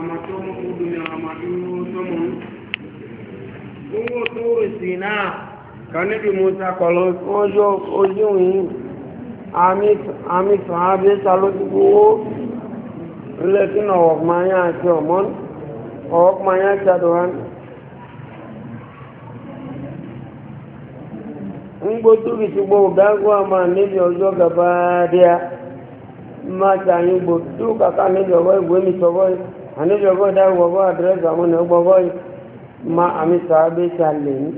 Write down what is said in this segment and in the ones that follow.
amatomo udumi amatomo owo toro sina kanibi musa kọlọ ojo ojo yin ami ami sọ abe salodugbo wo lẹkin ọwọkumanya ati ọmọn ọwọkumanya ati adohan ngbotobi ti gbogbo gago ama níbi ọjọ gaba díà má ṣàyìn gbòtú kàkà níbi ọwọ ìwé mi sọwọ yìí àníbi ọgbọ́n dáhùn ọgbọ́n àdírẹ́sì àwọn ọ̀nà ọgbọ́gbọ́ ma àmì sàábé sàlẹ̀ ní.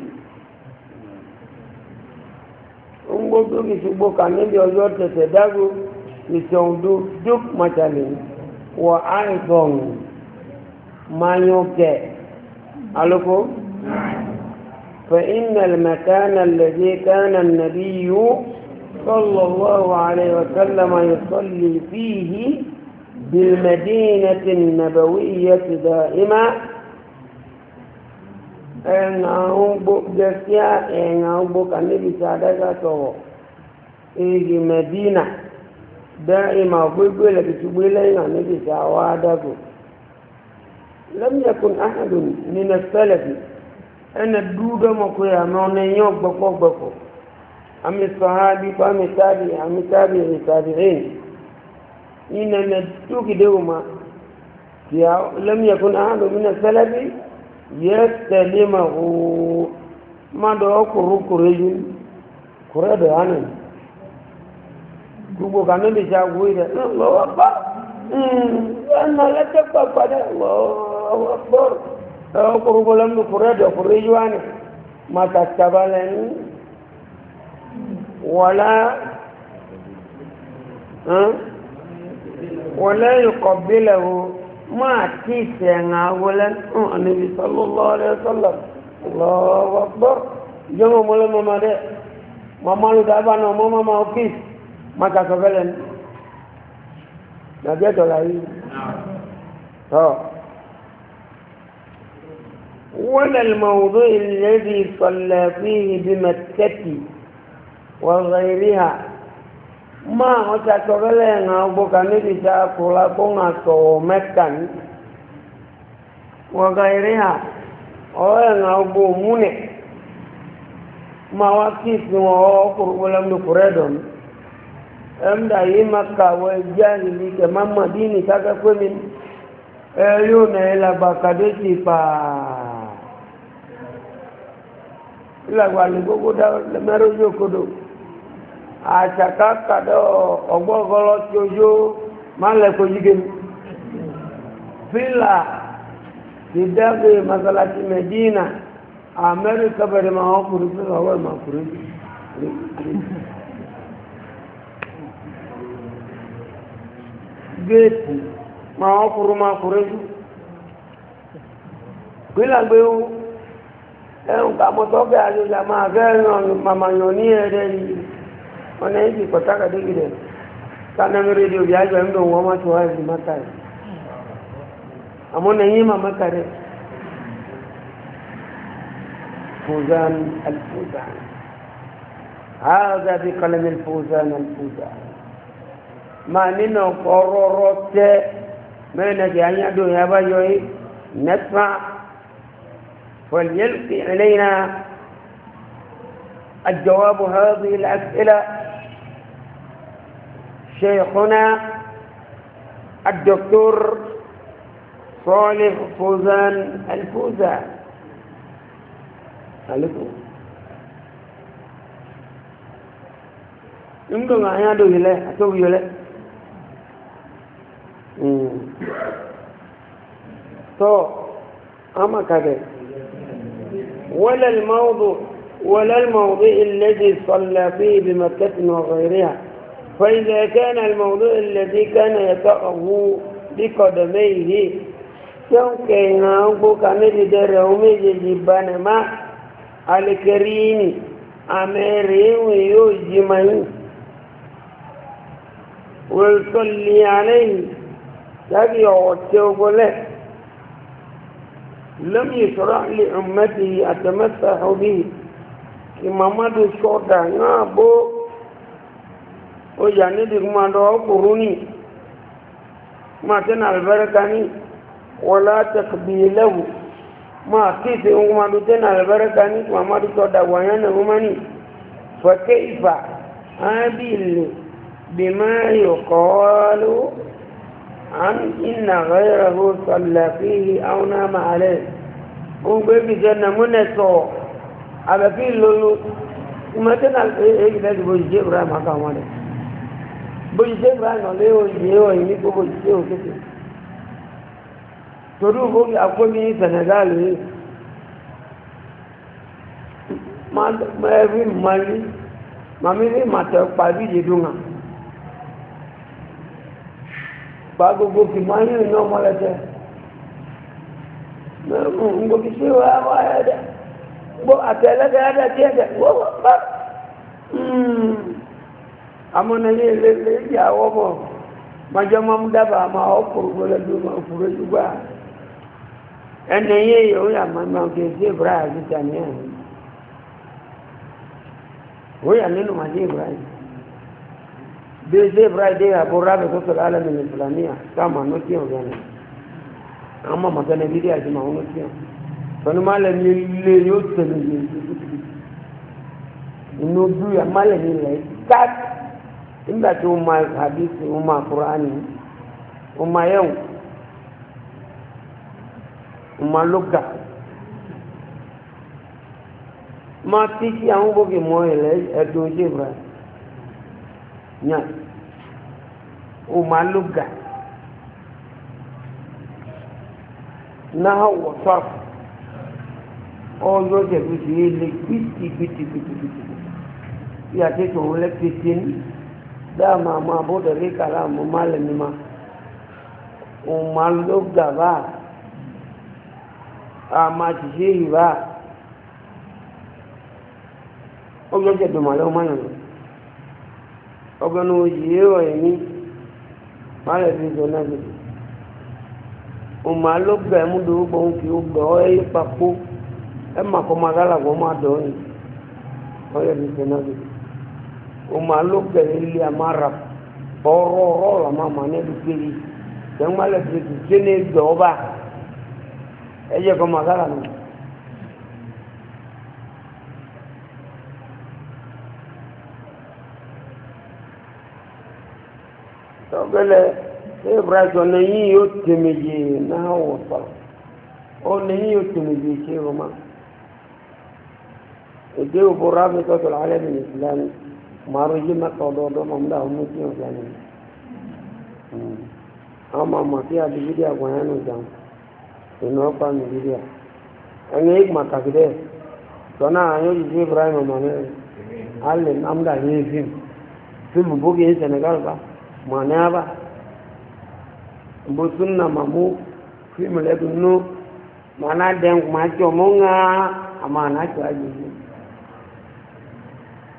ń gbójú ìṣùgbò kà níbi ọjọ́ tẹ̀tẹ̀ dágò ìṣòǹdó jók màtàlẹ̀ ní wọ àìsàn mayọ̀kẹ̀ alóko. فإن المكان الذي كان النبي صلى الله عليه وسلم يصلي فيه بالمدينة النبوية دائما ẹ̀nàún gẹ̀ẹ́síà ẹ̀nàún gbọ́kà níbi tí adájá sọ̀rọ̀ èyí mẹ̀dínà dáìmà gbégbé lẹ́gbẹ̀túgbé lẹ́yìn níbi tí àwọ́ adágò lẹ́mìẹ̀kùn áhàdùn nínú sẹ́lẹ̀fì ẹnà dúdọ́mọ̀kọ́ àmọ́ ọ̀nẹ́yìn ọgbọ̀kọ̀gbọ̀kọ̀ àmì sọ̀hábí fámi tábì àmì tábì ìtàbí ẹ̀yìn إننا توكي دوما لم يكن أحد من السلف يستلمه ما دعو كرو كريجين كرو دعانا gbogbo kan níbi ṣe agbo ilẹ̀ lọ́wọ́ bá ẹ̀nà lẹ́tẹ̀pà padà lọ́wọ́ bọ́ ọkùnrin gbọ́lọ́mù kúrẹ́ dọ̀kúrẹ́ yíwá ni màtàtàbà lẹ́nu wọ́lá ولا يقبله ما تيسين يعني أولا آه، النبي صلى الله عليه وسلم الله أكبر جمع مولا ماما دي ماما لو دابانا ماما ما كيس ما تسفلن نبي تلاهي نعم آه. ولا الموضوع الذي صلى فيه بمكة وغيرها máa wọn ti àtọ̀rẹ́lẹ̀ ẹ̀hàn ọgbọ́ka níbi ìṣẹ́ àkùrà kó ń àtọ̀wọ̀ mẹ́ta ní wọ́n ga eré hà ọ̀rọ̀ ẹ̀hàn ọgbọ́ òmúnẹ̀ máa wá kí ìsìn wọn ọ̀rọ̀ kúrúkú lẹ́mú kúrẹ́ dọ̀mí ẹ̀mdà yìí máa kàwọ́ ẹgbẹ́ àìlì kẹ̀má mọ̀dínì kákẹ́ pé mi ẹ yóò àṣàká kàdọ́ ọgbọ́gọ́lọ́ tí ojó máa ń lẹ́kọ̀ọ́ yíge mi fílà ti dẹ́gbẹ̀ masalasi medina amẹ́ríkà bẹ̀rẹ̀ máa wọ́n kùrù fílà ọwọ́ ìmọ̀ kùrù géètì máa wọ́n kùrù máa kùrù jù fílà gbé wú ẹ̀rùn kàmọ́tọ́ bẹ́ẹ̀ àjọjà máa fẹ́ ràn màmá yàn ní ẹ̀rẹ́ yìí wani aiki ko taka da gidan sanan rediyo ya ga inda wa ma to haji maka amma nan yi ma maka ne fuzan al-fuzan هذا بقلم الفوزان الفوزان ما نينا قررت من جانيا دو يابا يوي ندفع فليلقي علينا الجواب هذه الأسئلة شيخنا الدكتور صالح فوزان الفوزان عليكم يمكن أن يدعو إليه أتو إليه تو أما كذا ولا الموضوع ولا الموضوع الذي صلى فيه بمكة وغيرها فإذا كان الموضوع الذي كان يقعه بقدميه يمكن أن كان درهم يجيبان ما الكريم أميرين ويجمعين ويصلي عليه لكن عوته له لم يشرع لأمته أتمسح به كما مدى الشرطة نابو نعم، o yà níbi kuma dọ ọkùnrù ni ma tẹ́ na albarka ni wọlá tẹ̀kùbí lẹ́wù ma kíìsì kuma dọ tẹ́ na albarka ni kuma ma dọ tọ́ dàgbà yẹn na kuma ni fọ́kẹ́ ìfà ábìlì bímá yọkọ́ ló an ina ghayra ho sọlá fíhi àwọn àmà alẹ́ gbogbo ebi jẹ́ na múnẹ̀ sọ lolo kuma tẹ́ na albarka ni kuma dọ tẹ́ na bójútó ìbáyọ̀ lé òyìnbó òyìn ní gbogbo ìṣe òkèké torí ògbómi àkómi senegal yìí mẹ́rin mọ́lí màmí ní màtẹ́ pàbí ìdúnà pa gbogbo kì máa ń rìn náà mọ́lẹ́tẹ́ mẹ́rin ngbòkì sí wa wá ẹ̀dẹ̀ gbọ́ àtẹ̀lẹ́dẹ̀ ẹ̀dẹ̀ tí ẹ̀dẹ̀ wọ́wọ́ bá hmm amúnilé lélẹ ìyàwó mọ mọjọmọ dábàá máa ọkùnrin gbọlẹdùn máa fúró jùgbà ẹni yé yòó yà máa máa kì í sí ibrahim tàníyàn ó yà nínú màdé ibrahim bí sí ibrahim dé àbò rábì tó sọrọ alẹ́ nínú ìfúlàníyà sáàmù ànótíyàn gánà àwọn ọmọ mọ̀tẹ́ni bídí àti màwọn ànótíyàn tọ́ni máa lẹ́ ní ilé yóò tẹ̀lé yìí inú ojú yà máa lẹ́ ní ilẹ̀ yìí káàkiri. nígbà tí ó hadithi ó ma kúránì ma yẹ̀wò ó ma lóga ma tí sí àwọn gbòógì mọ ilẹ̀ ẹ̀dùn ojú ìbúra yàn ó ma lóga náà wọ̀ sọ́ọ̀fù ọyọ́ jẹ̀bi sí ilé pìtìpìtìpìtìpìtì a ti tòun lẹ́pẹ̀tẹ̀ ní. dama ma bodo ni kala mu malami ma umar ló gbà bá a ma ti ṣe yìí bá ọgbọ́n jẹ́ dùmọ̀lẹ́ ọmọ yẹn ọgbọ́n ní oyè èrò ẹ̀mí malẹ̀ fi sọ náà gbèdè umar ló gbà ẹ̀mú dòwó gbọ́n kí ó gbọ́ ẹ yí papò ẹ̀ mà kọ́ ma gálà kó má dọ̀ ọ́ yìí ọ̀yẹ́ fi sọ náà gbèdè. uma lókè amara ọrọ ọrọ lọmọ ma ní ẹdùn kiri tẹnumọ lẹ fi tù sí ní ìgbẹ ma sára mi. tọ́gbẹ́lẹ̀ ibrahim ọ̀nà yìí yóò tẹ̀mẹ̀yẹ náà wọ̀ sọ yóò maruji matododo maka umuti ma ama maki adibidia gwanano jam inopa nibidia enge ik matakide tona ayo jisi ibrahim mane alle namda ni film film bugi in senegal ba mane ba mbo sunna mamu film ledu no mana den ma ama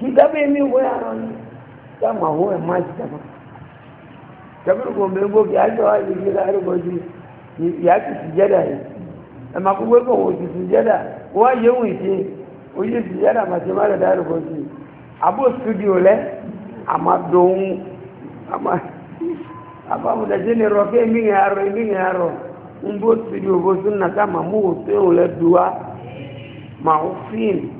kitabe mi wo ya ron kama wo e ma kitabe kitabe ko me go ki ajo a yi la ro go ji ya ki sujada yi e ma ku go wo ki sujada wa ye wi ti o ye sujada ma se ma da ro go ji abo studio le ama don ama apa mu da jeni ro ke mi ya ro mi ya studio bo sunna kama mu le duwa ma film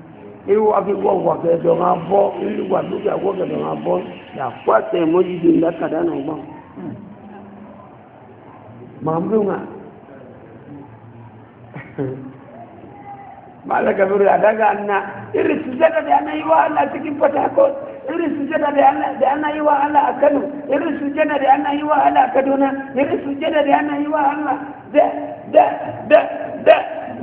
iru afirwa wage do nga bo iru wa duka wage do nga bo ya kwate moji din da kada na ba mamru nga malaka biru adaga anna iri sujada da ana yiwa Allah cikin fatako iri sujada da ana da ana yiwa Allah a Kano iri sujada da ana yiwa Allah a Kaduna iri sujada da ana yiwa Allah da da da da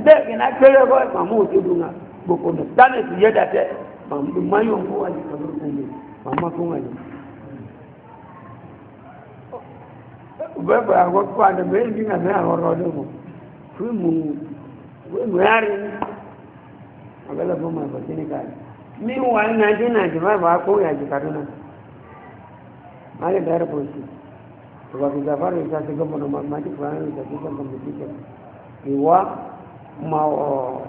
da ina kare ko mamu tudunga gbogbo nù tánẹ̀ sì yẹ́ dàtẹ́ màmáyọ̀ ń wà ní ọdún ẹ̀yẹ màmá fún wà ní. bẹ́ẹ̀ àwọn kó àdé bẹ́ẹ̀ ní àmì àwọn ọ̀rọ̀ ọdún mọ̀ fún mu wẹ́ẹ̀mù yára ní ọ̀gẹ́lẹ̀ fún mi àbọ̀ sínú káàdì. mi wà ní nineteen ninety five wà á kó ìyàjì kaduna máa lè dárí pòsì ìwàkùnjà fáwọn ìṣàṣẹ́gbọ́n mọ̀nà máa ti fún àwọn ìṣàṣẹ́gbọ́n mọ̀nà ìwà máa ọ̀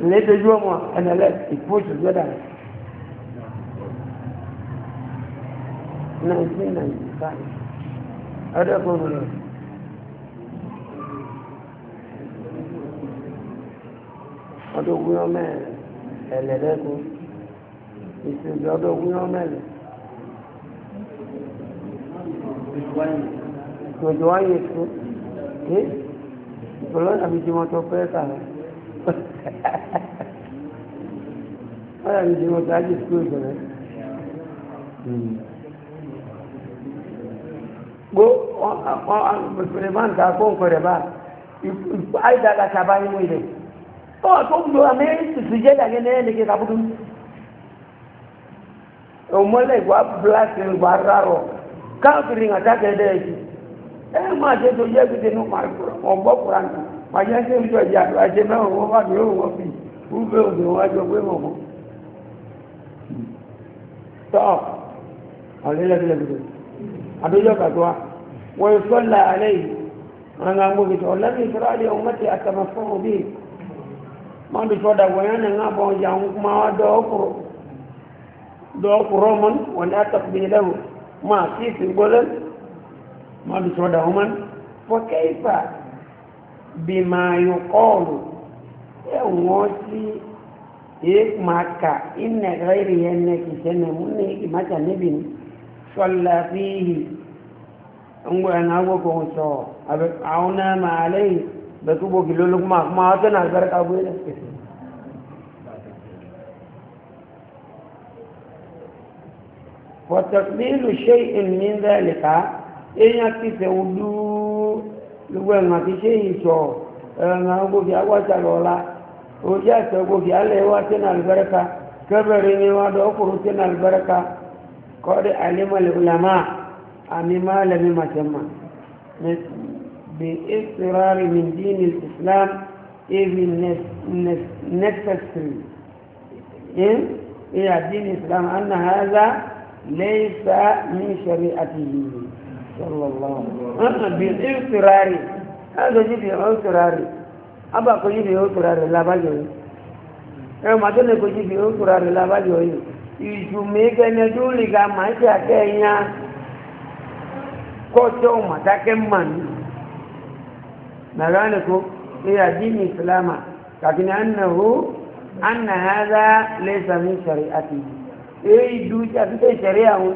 lẹ́tẹ̀jú ọmọ ẹnẹlẹ́ ìpóòtù gbọ́dà 1995 ọdọ́ kan rẹ̀ ọdọ́ wíwọ́n mẹ́rin ẹ̀lẹ́dẹ́kùn ìsinmi ọdọ́ wíwọ́n mẹ́rin tòjọ́ wáyé tó ẹ́ ìpọ̀lọ́nà bí jí wọ́n tó fẹ́ kàrẹ́ ọ̀rọ̀ mi ti mọ̀ sáájú skul ìṣẹ̀lẹ̀ gbó suleman ta kó nǹkan rẹ̀ bá àìdá àgàtà bá nínú ilẹ̀ ó tó gbó àmì tuntun jẹ́ ìdàgẹ́ náà lè kabudu òmọ́lẹ̀ ìwà bíláṣì ìwà rárọ̀ káàkiri ìrìn àtàkẹ́ dẹ́ẹ̀kì ẹ̀ máa ṣe tó jẹ́ gbèdé ní ọgbọ́kùnrin náà. pàjẹ́ ṣe ń jọ ìyá àti àṣẹ náà wọ́n bá dúró wọ́n fi wúfẹ́ òbí wọn jọ pé mọ̀ mọ́ tọ́ ọ̀lẹ́lẹ́gbẹ̀lẹ́gbẹ̀ àdójọ́ kàtọ́wà wọ́n sọ́lá alẹ́ yìí wọn ga mú bi tọ da wọnyẹ ní ŋa bọ ọjà ń kuma wa dọọ kuro dọọ kuro mọn wọn ni ata bima yuqalu won ti e maka inna ghairi yanna ki sene munne ki mata nabi ni salla fihi ngo na go ko so abe auna ma alai be ku bo gilo lu ma ma ta na gar ka bo wa takmilu shay'in min dhalika in yakti wudu gbogbo ẹ̀nà àti ṣé ìṣọ̀ ẹ̀nà gbogbo àwọ̀ṣà lọ́la ojú àṣẹ gbogbo alẹ́ wa tẹ́ nà lùbẹ́rẹ́ka kẹ́bẹ̀rẹ̀ ni wọ́n dọ̀ ọkùnrin tẹ́ nà lùbẹ́rẹ́ka kọ́dé àlẹ́mọ̀lẹ́ àmì máa lẹ́mí màtẹ́mà bí ìsirárì ní dínì islam ebi necessary in ìyà dínì islam anna haza lẹ́yìn sá ní ṣẹ̀rí àti yìí bil'irtirari ẹ̀sọ́ jí fi ọ́tùrari abàkọ́ jí fi ọ́tùrari lábájọ́ yìí ẹ̀mà tó lè kọ́ jí fi ọ́tùrari lábájọ́ yìí ìjùmẹ́gẹ́nẹ́ tó lè ga máa ṣe àkẹ́yà kọ́tọ́ màtákẹ́ màní nàránìkó ìyà dínì ìsìlámà kàkínà annahu anna hada lẹ́sàmì ṣàrí àti èyí dúdú àti tẹ́ ṣàrí àwọn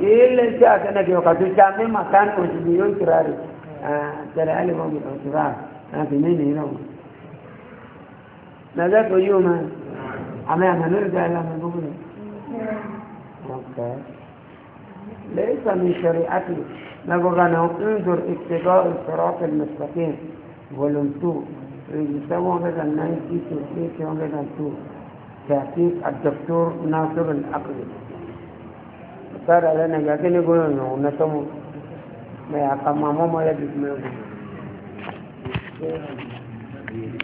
ile nchi yake na kiwa katika mema kana usijioni kirari tena ali mo mo kirari na nini hilo na za kujuma ame ananurika ila mbona okay ليس من شريعتي نقول أنا انظر اتجاه الصراط المستقيم فولوم 2 يسوون هذا 90 90 هذا 2 تحقيق الدكتور ناصر العقلي sara lɛ nɛgɛ kini ko yɔnyɔ nɛtɔ mo mɛ a kama mɔmɔ yɛ dugu mɛ o.